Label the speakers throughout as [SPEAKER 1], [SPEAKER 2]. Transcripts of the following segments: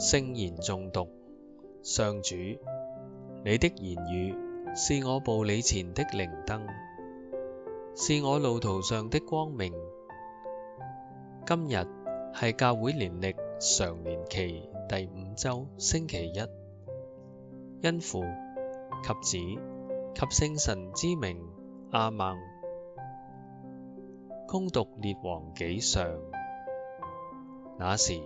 [SPEAKER 1] 聖言誦讀，上主，你的言語是我步履前的靈燈，是我路途上的光明。今日係教會年曆常年期第五週星期一，因父及子及聖神之名阿孟，恭讀列王紀上，那時。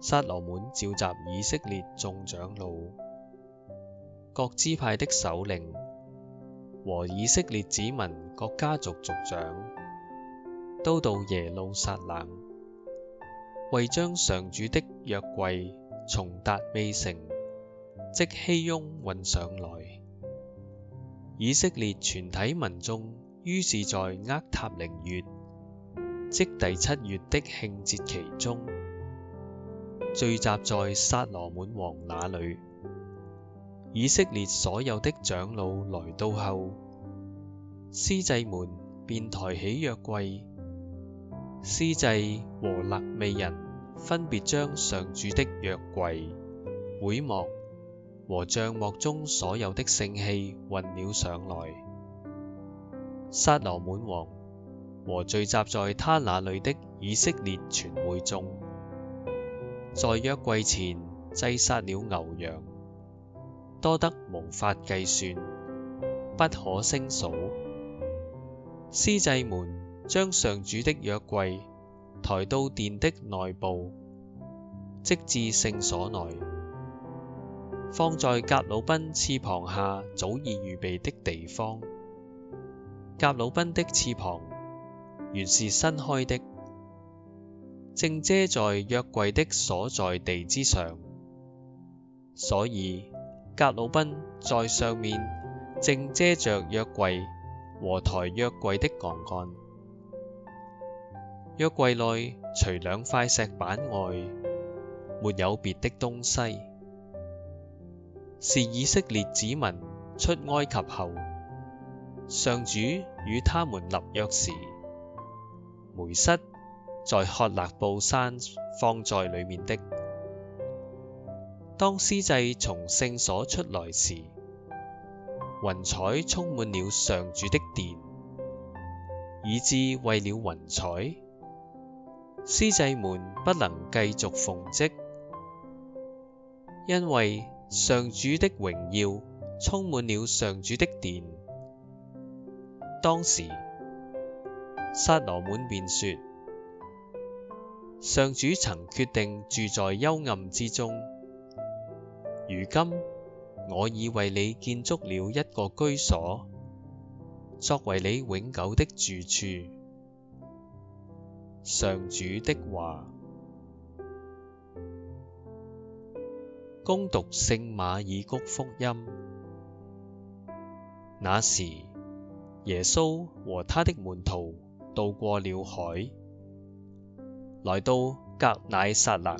[SPEAKER 1] 撒羅滿召集以色列眾長老、各支派的首領和以色列子民各家族族長，都到耶路撒冷，為將上主的約櫃從達味城，即熙雍運上來。以色列全體民眾於是在厄塔寧月，即第七月的慶節期中。聚集在撒羅門王那裏。以色列所有的長老來到後，司祭們便抬起約櫃。司祭和肋未人分別將上主的約櫃、會幕和帳幕中所有的聖器運了上來。撒羅滿王和聚集在他那裏的以色列全會眾。在約櫃前祭殺了牛羊，多得無法計算，不可勝數。司祭們將上主的約櫃抬到殿的內部，即至聖所內，放在革魯賓翅膀下早已預備的地方。革魯賓的翅膀原是伸開的。正遮在約櫃的所在地之上，所以革魯賓在上面正遮着約櫃和抬約櫃的槓桿。約櫃內除兩塊石版外，沒有別的東西。是以色列子民出埃及後，上主與他們立約時，梅瑟。在曷勒布山放在裏面的。當司祭從聖所出來時，雲彩充滿了上主的殿，以致為了雲彩，司祭們不能繼續奉職，因為上主的榮耀充滿了上主的殿。當時，撒羅滿便說。上主曾決定住在幽暗之中，如今我已為你建築了一個居所，作為你永久的住處。上主的話，恭讀聖馬爾谷福音。那時，耶穌和他的門徒渡過了海。來到革乃撒勒，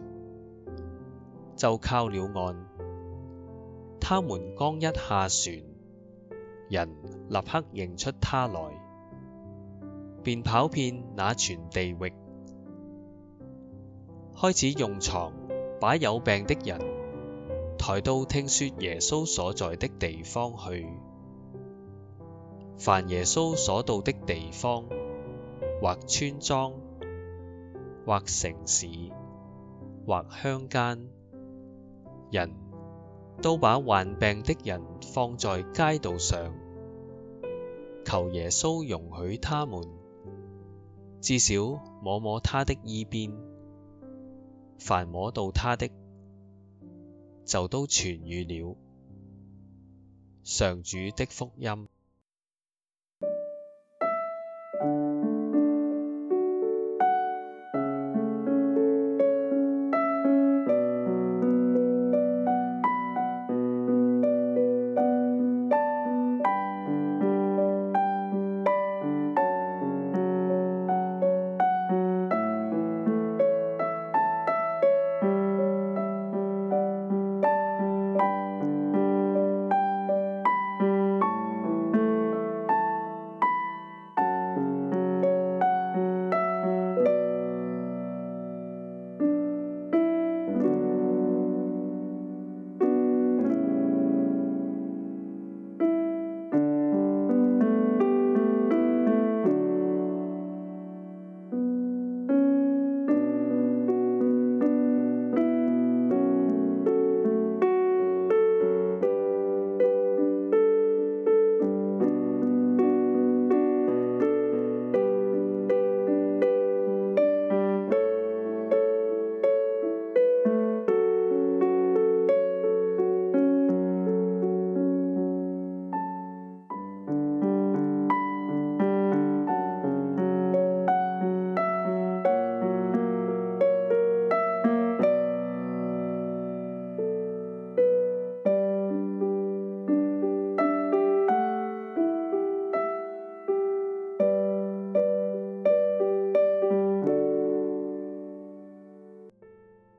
[SPEAKER 1] 就靠了岸。他們剛一下船，人立刻認出他來，便跑遍那全地域，開始用床把有病的人抬到聽說耶穌所在的地方去。凡耶穌所到的地方，或村莊，或城市，或鄉間，人都把患病的人放在街道上，求耶穌容許他們，至少摸摸他的衣邊，凡摸到他的，就都痊癒了。上主的福音。